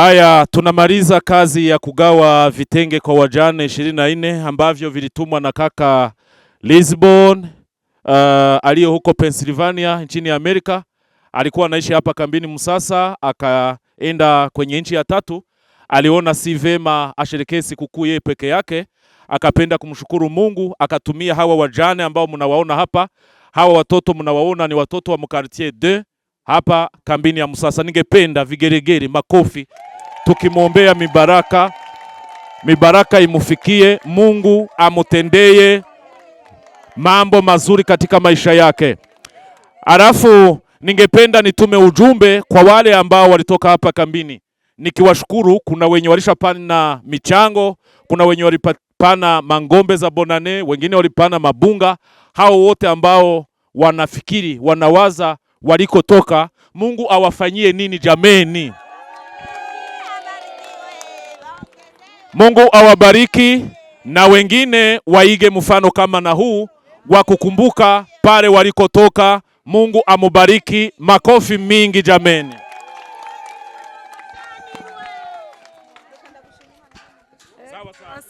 Haya, tunamaliza kazi ya kugawa vitenge kwa wajane 24 ambavyo vilitumwa na kaka Lisbon uh, aliyo huko Pennsylvania nchini Amerika. Alikuwa anaishi hapa kambini Musasa, akaenda kwenye nchi ya tatu. Aliona si vema asherekee sikukuu yeye peke yake, akapenda kumshukuru Mungu, akatumia hawa wajane ambao mnawaona hapa. Hawa watoto mnawaona ni watoto wa mkartier 2 hapa kambini ya Musasa. Ningependa vigeregere, makofi tukimwombea mibaraka, mibaraka imufikie, Mungu amutendeye mambo mazuri katika maisha yake. Alafu ningependa nitume ujumbe kwa wale ambao walitoka hapa kambini, nikiwashukuru. Kuna wenye walishapana michango, kuna wenye walipana mangombe za bonane, wengine walipana mabunga. Hao wote ambao wanafikiri, wanawaza walikotoka, Mungu awafanyie nini jameni? Mungu awabariki na wengine waige mfano kama na huu wa kukumbuka pale walikotoka. Mungu amubariki. Makofi mingi jameni. Eh,